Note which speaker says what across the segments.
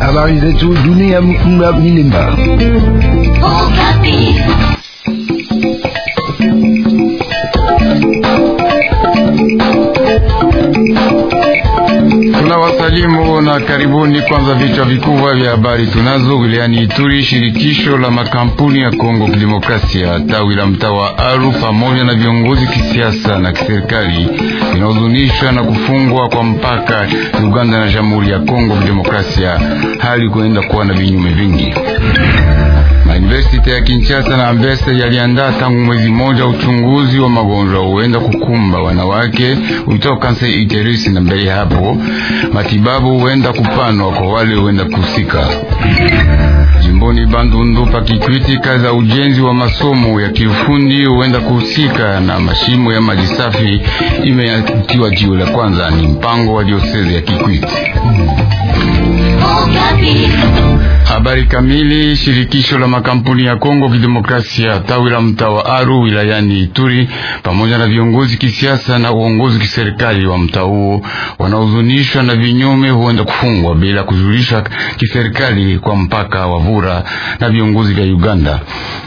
Speaker 1: Habari zetu dunia muna milimba Salimu na karibuni. Kwanza vichwa vikubwa vya habari tunazo wilayani Ituri. Shirikisho la makampuni ya Kongo Kidemokrasia tawi la mtaa wa Aru pamoja na viongozi kisiasa na kiserikali vinahuzunishwa na kufungwa kwa mpaka Uganda na Jamhuri ya Kongo Kidemokrasia, hali kuenda kuwa na vinyume vingi universiti ya Kinshasa na Anversa yaliandaa tangu mwezi mmoja uchunguzi wa magonjwa huenda kukumba wanawake uitwa kansa uterus, na mbele hapo matibabu huenda kupanwa kwa wale huenda kusika jimboni Bandundu pakikwiti, kazi za ujenzi wa masomo ya kiufundi huenda kuhusika na mashimo ya maji safi imeatiwa jiwe la kwanza. Ni mpango wa diosezi ya Kikwiti.
Speaker 2: Oh,
Speaker 1: Habari kamili. Shirikisho la makampuni ya Kongo Kidemokrasia tawi la mtaa wa Aru wilayani Ituri pamoja na viongozi kisiasa na uongozi kiserikali wa mtaa huo wanaozunishwa na vinyume huenda kufungwa bila kujulisha kiserikali kwa mpaka wa Vura na viongozi vya Uganda.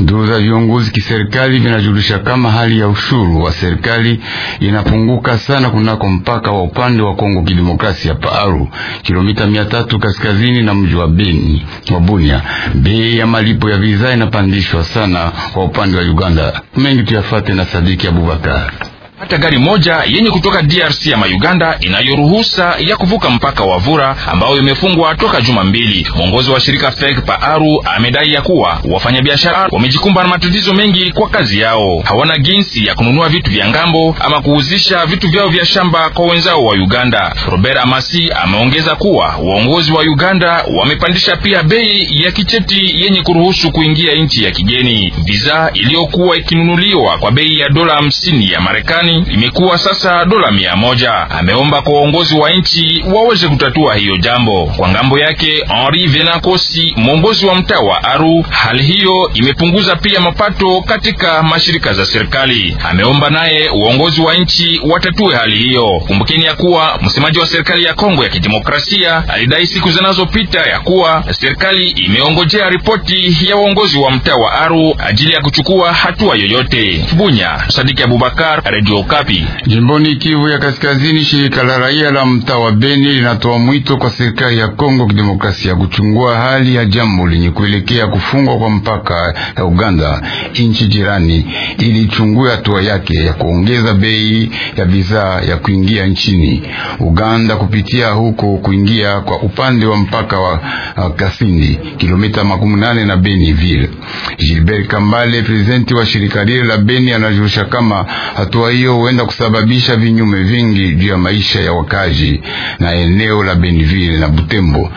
Speaker 1: Duru za viongozi kiserikali vinajulisha kama hali ya ushuru wa serikali inapunguka sana kunako mpaka wa upande wa Kongo Kidemokrasia pa Aru, kilomita 300 kaskazini na mji wa Beni wa Bunia. Bei ya malipo ya visa inapandishwa sana kwa upande wa Uganda. Mengi tuyafate na Sadiki Abubakar
Speaker 3: hata gari moja yenye kutoka DRC ama Uganda inayoruhusa ya kuvuka mpaka wa Vura ambayo imefungwa toka juma mbili. Mwongozi wa shirika FEG Paaru amedai ya kuwa wafanyabiashara wamejikumba na matatizo mengi kwa kazi yao, hawana jinsi ya kununua vitu vya ngambo ama kuuzisha vitu vyao vya shamba kwa wenzao wa Uganda. Robert Amasi ameongeza kuwa waongozi wa Uganda wamepandisha pia bei ya kicheti yenye kuruhusu kuingia nchi ya kigeni, visa iliyokuwa ikinunuliwa kwa bei ya dola hamsini ya Marekani Marekani imekuwa sasa dola mia moja. Ameomba kwa uongozi wa nchi waweze kutatua hiyo jambo. Kwa ngambo yake, Henri Venakosi, mwongozi wa mtaa wa Aru, hali hiyo imepunguza pia mapato katika mashirika za serikali. Ameomba naye uongozi wa nchi watatue hali hiyo. Kumbukeni ya kuwa msemaji wa serikali ya Kongo ya Kidemokrasia alidai siku zinazopita ya kuwa serikali imeongojea ripoti ya uongozi wa mtaa wa Aru ajili ya kuchukua hatua yoyote. Bunya, Sadiki Abubakar, Radio Radio Okapi.
Speaker 1: Jimboni Kivu ya Kaskazini, shirika la raia la mtaa wa Beni linatoa mwito kwa serikali ya Kongo Kidemokrasia kuchungua hali ya jambo lenye kuelekea kufungwa kwa mpaka ya Uganda inchi jirani, ili ichungue hatua yake ya kuongeza bei ya bidhaa ya kuingia nchini Uganda kupitia huko kuingia kwa upande wa mpaka wa uh, Kasindi kilomita makumi nane na Beni ville. Gilbert Kambale, prezidenti wa shirika lile la Beni, anajulisha kama hatua hiyo hiyo huenda kusababisha vinyume vingi juu ya maisha ya wakazi na eneo la Benville na Butembo.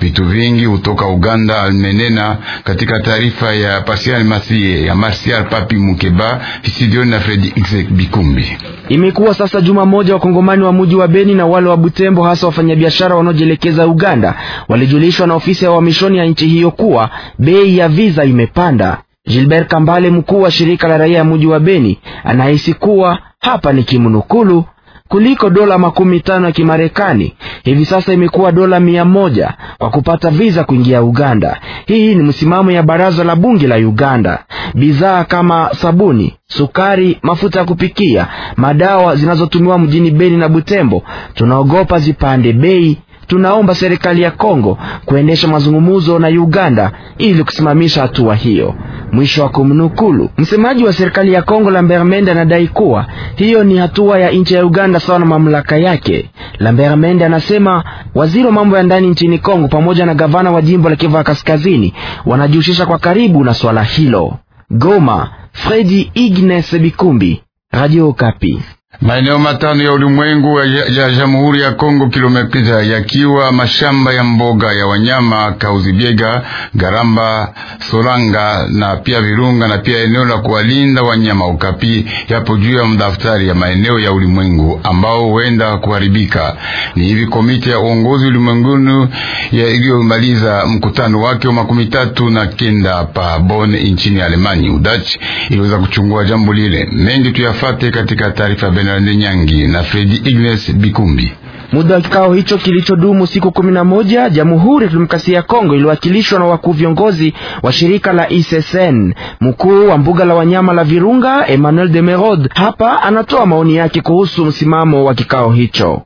Speaker 1: Vitu vingi hutoka Uganda, almenena katika taarifa ya Pascal Masie ya Marsial Papi Mukeba Isidioni na Fredi Bikumbi.
Speaker 4: Imekuwa sasa juma moja wakongomani wa muji wa Beni na wale wa Butembo, hasa wafanyabiashara wanaojielekeza Uganda, walijulishwa na ofisi ya uhamishoni ya nchi hiyo kuwa bei ya visa imepanda. Gilbert Kambale, mkuu wa shirika la raia ya muji wa Beni, anahisi kuwa hapa ni kimnukulu, kuliko dola makumi tano ya Kimarekani hivi sasa imekuwa dola mia moja kwa kupata viza kuingia Uganda. Hii ni msimamo ya baraza la bunge la Uganda. Bidhaa kama sabuni, sukari, mafuta ya kupikia, madawa zinazotumiwa mjini Beni na Butembo tunaogopa zipande bei Tunaomba serikali ya Kongo kuendesha mazungumzo na Uganda ili kusimamisha hatua hiyo. Mwisho wa kumnukulu. Msemaji wa serikali ya Kongo Lambert Mende anadai kuwa hiyo ni hatua ya nchi ya Uganda sawa na mamlaka yake. Lambert Mende anasema waziri wa mambo ya ndani nchini Kongo pamoja na gavana wa jimbo la Kivu Kaskazini wanajihusisha kwa karibu na swala hilo. Goma, Fredi Ignace Bikumbi, Radio Kapi.
Speaker 1: Maeneo matano ya ulimwengu ya Jamhuri ya Kongo kilomita yakiwa mashamba ya mboga ya wanyama Kauzibiega, Garamba, Solanga na pia Virunga na pia eneo la kuwalinda wanyama Ukapi yapo juu ya mdaftari ya maeneo ya ulimwengu ambao huenda kuharibika. Ni hivi komiti ya uongozi ulimwenguni iliyomaliza mkutano wake wa makumi tatu na kenda pa Bonn nchini Alemani, Udachi, iliweza kuchungua jambo lile. Mengi tuyafate katika taarifa Emmanuel Nyangi na Fredi Igles Bikumbi.
Speaker 4: Muda wa kikao hicho kilichodumu siku kumi na moja, Jamhuri ya Kidemokrasia ya Kongo iliwakilishwa na wakuu viongozi wa shirika la ICCN. Mkuu wa mbuga la wanyama la Virunga Emmanuel de Merod hapa anatoa maoni yake kuhusu msimamo wa kikao hicho.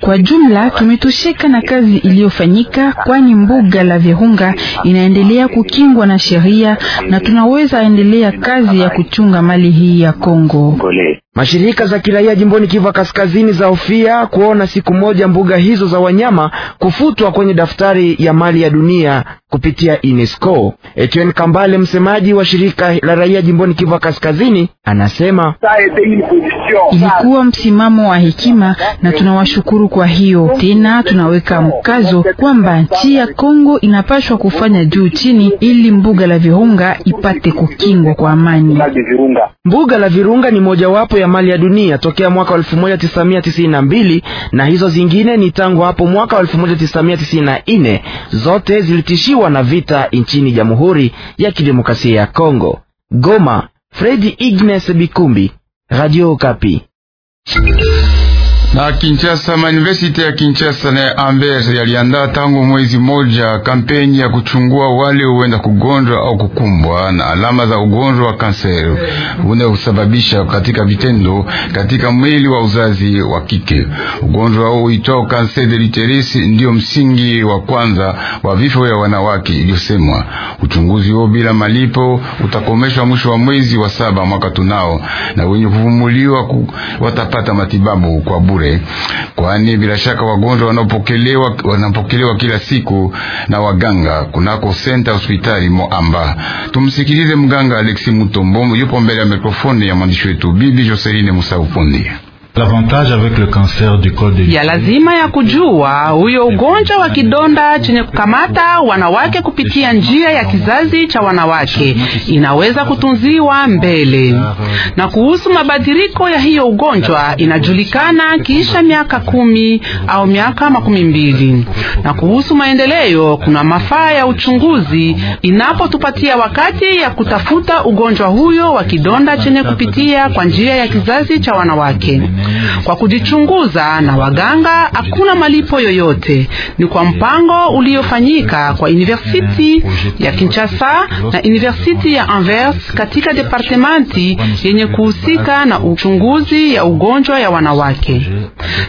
Speaker 4: Kwa jumla tumetosheka na kazi iliyofanyika, kwani mbuga la Virunga inaendelea kukingwa na sheria na tunaweza endelea kazi ya kuchunga mali hii ya Kongo. Mashirika za kiraia jimboni Kivu Kaskazini za ofia kuona siku moja mbuga hizo za wanyama kufutwa kwenye daftari ya mali ya dunia kupitia UNESCO. Etienne Kambale, msemaji wa shirika la raia jimboni Kivu Kaskazini, anasema ilikuwa msimamo wa hekima na tunawashukuru kwa hiyo. Tena tunaweka mkazo kwamba nchi ya Kongo inapashwa kufanya juu chini ili mbuga la Virunga ipate kukingwa kwa amani. Mbuga la Virunga ni mojawapo ya mali ya dunia tokea mwaka 1992 na hizo zingine ni tangu hapo mwaka 1994 zote zilitishiwa kukiwa na vita nchini Jamhuri ya Kidemokrasia ya Kongo. Goma, Fredi Ignace Bikumbi, Radio Kapi. Na Kinshasa,
Speaker 1: mauniversite ya Kinshasa na Amber yaliandaa tangu mwezi moja kampeni ya kuchungua wale huenda kugonjwa au kukumbwa na alama za ugonjwa wa kanseri unaosababisha katika vitendo katika mwili wa uzazi wa kike. Ugonjwa huu uitwao kanseri deliteris ndiyo msingi wa kwanza wa vifo vya wanawake iliyosemwa. Uchunguzi huo bila malipo utakomeshwa mwisho wa mwezi wa saba mwaka tunao, na wenye kuvumuliwa watapata matibabu kwa bure bure, kwani bila shaka wagonjwa wanapokelewa wanapokelewa kila siku na waganga kunako senta hospitali Moamba. Tumsikilize mganga Alexi Mutombo, yupo mbele ya mikrofoni ya mwandishi wetu Bibi Joseline Musaufundi
Speaker 4: ya lazima ya kujua huyo ugonjwa wa kidonda chenye kukamata wanawake kupitia njia ya kizazi cha wanawake inaweza kutunziwa mbele. Na kuhusu mabadiliko ya hiyo ugonjwa inajulikana kisha miaka kumi au miaka makumi mbili. Na kuhusu maendeleo, kuna mafaa ya uchunguzi inapotupatia wakati ya kutafuta ugonjwa huyo wa kidonda chenye kupitia kwa njia ya kizazi cha wanawake kwa kujichunguza na waganga. Hakuna malipo yoyote, ni kwa mpango uliofanyika kwa university ya Kinshasa na university ya Anvers katika departementi yenye kuhusika na uchunguzi ya ugonjwa ya wanawake,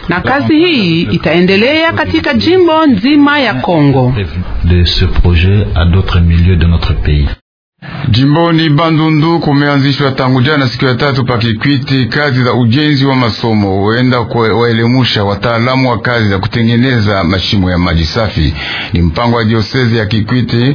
Speaker 4: na kazi hii itaendelea katika jimbo nzima ya Kongo.
Speaker 1: Jimboni Bandundu kumeanzishwa tangu jana siku ya tatu pakikwiti kazi za ujenzi wa masomo huenda kuwaelemusha wataalamu wa kazi za kutengeneza mashimo ya maji safi. Ni mpango wa diosezi ya Kikwiti.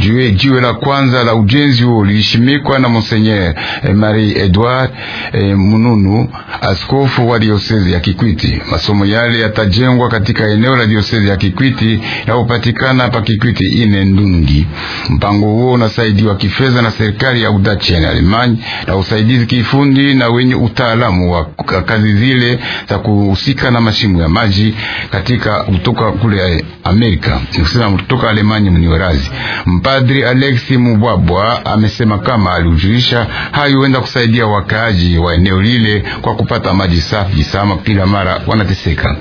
Speaker 1: Jiwe, jiwe la kwanza la ujenzi huo lilishimikwa na Monseigneur Marie Edouard e, Mununu, askofu wa diosezi ya Kikwiti. Masomo yale yatajengwa katika eneo la diosezi ya Kikwiti na upatikana pakikwiti ine Ndungi. Mpango huo unasaidiwa kifedha na serikali ya Udachi ya Alemanya na usaidizi kifundi na wenye utaalamu wa kazi zile za kuhusika na mashimo ya maji katika kutoka kule eh, Amerika, nikusema kutoka Alemani mniwerazi. Mpadri Alexi Mubwabwa amesema kama alijulisha hayo huenda kusaidia wakaaji wa eneo lile kwa kupata maji safi sama kila mara wanateseka.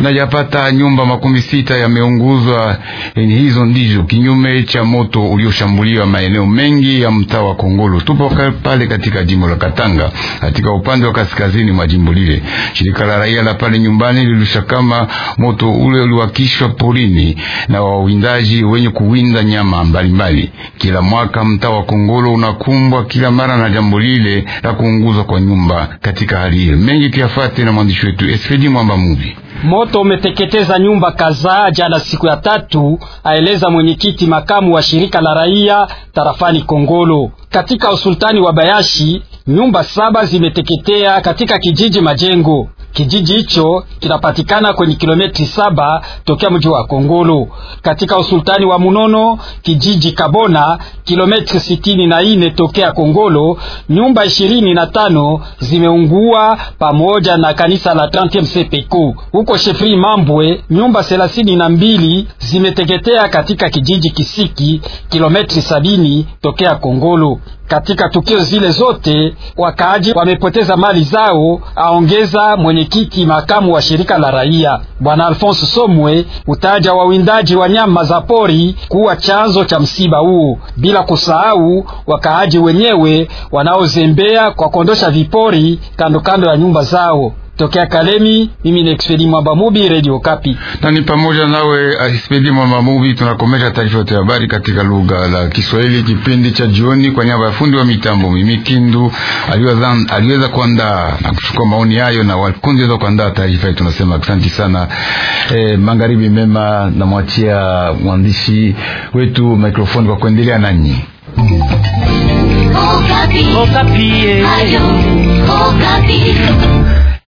Speaker 1: Na yapata nyumba makumi sita yameunguzwa, eh, hizo ndizo kinyume cha moto ulioshambuliwa maeneo mengi ya mtaa wa Kongolo. Tupo pale katika jimbo la Katanga, katika upande wa kaskazini mwa jimbo lile. Shirika la raia la pale nyumbani lilisha kama moto ule uliwakishwa porini na wawindaji wenye kuwinda nyama mbalimbali. Kila mwaka mtaa wa Kongolo unakumbwa kila mara na jambo lile la kuunguzwa kwa nyumba. Katika hali hiyo, mengi tuyafate na mwandishi wetu Espedi Mwamba Mubi.
Speaker 2: Moto umeteketeza nyumba kadhaa jana siku ya tatu, aeleza mwenyekiti makamu wa shirika la raia tarafa tarafani Kongolo. Katika usultani wa Bayashi nyumba saba zimeteketea katika kijiji Majengo. Kijiji hicho kinapatikana kwenye kilometri saba tokea mji wa Kongolo katika usultani wa Munono. Kijiji Kabona, kilometri sitini na ine tokea Kongolo. Nyumba ishirini na tano zimeungua pamoja na kanisa la 30 sepeku. Huko Shefri Mambwe, nyumba thelathini na mbili zimeteketea katika kijiji Kisiki, kilometri sabini tokea Kongolo. Katika tukio zile zote wakaaji wamepoteza mali zao, aongeza mwenyekiti makamu wa shirika la raia bwana Alphonse Somwe. Utaja wawindaji wa nyama za pori kuwa chanzo cha msiba huu, bila kusahau wakaaji wenyewe wanaozembea kwa kondosha vipori kando kando ya nyumba zao. Tokea Kalemi, mimi ni Expedi Mwamba
Speaker 1: Mubi, Radio Kapi. Na ni pamoja nawe ah, Expedi Mwamba Mubi, tunakomesha taarifa yote habari katika lugha la Kiswahili kipindi cha jioni. Kwa niaba ya fundi wa mitambo mimi Kindu aliweza kuandaa na kuchukua maoni hayo na wakundi waweza kuandaa taarifa hii, tunasema asante sana. E, magharibi mema, namwachia mwandishi wetu mikrofoni kwa kuendelea nanyi Oh,
Speaker 2: Oh, Okapi. Eh. Ayo, Okapi.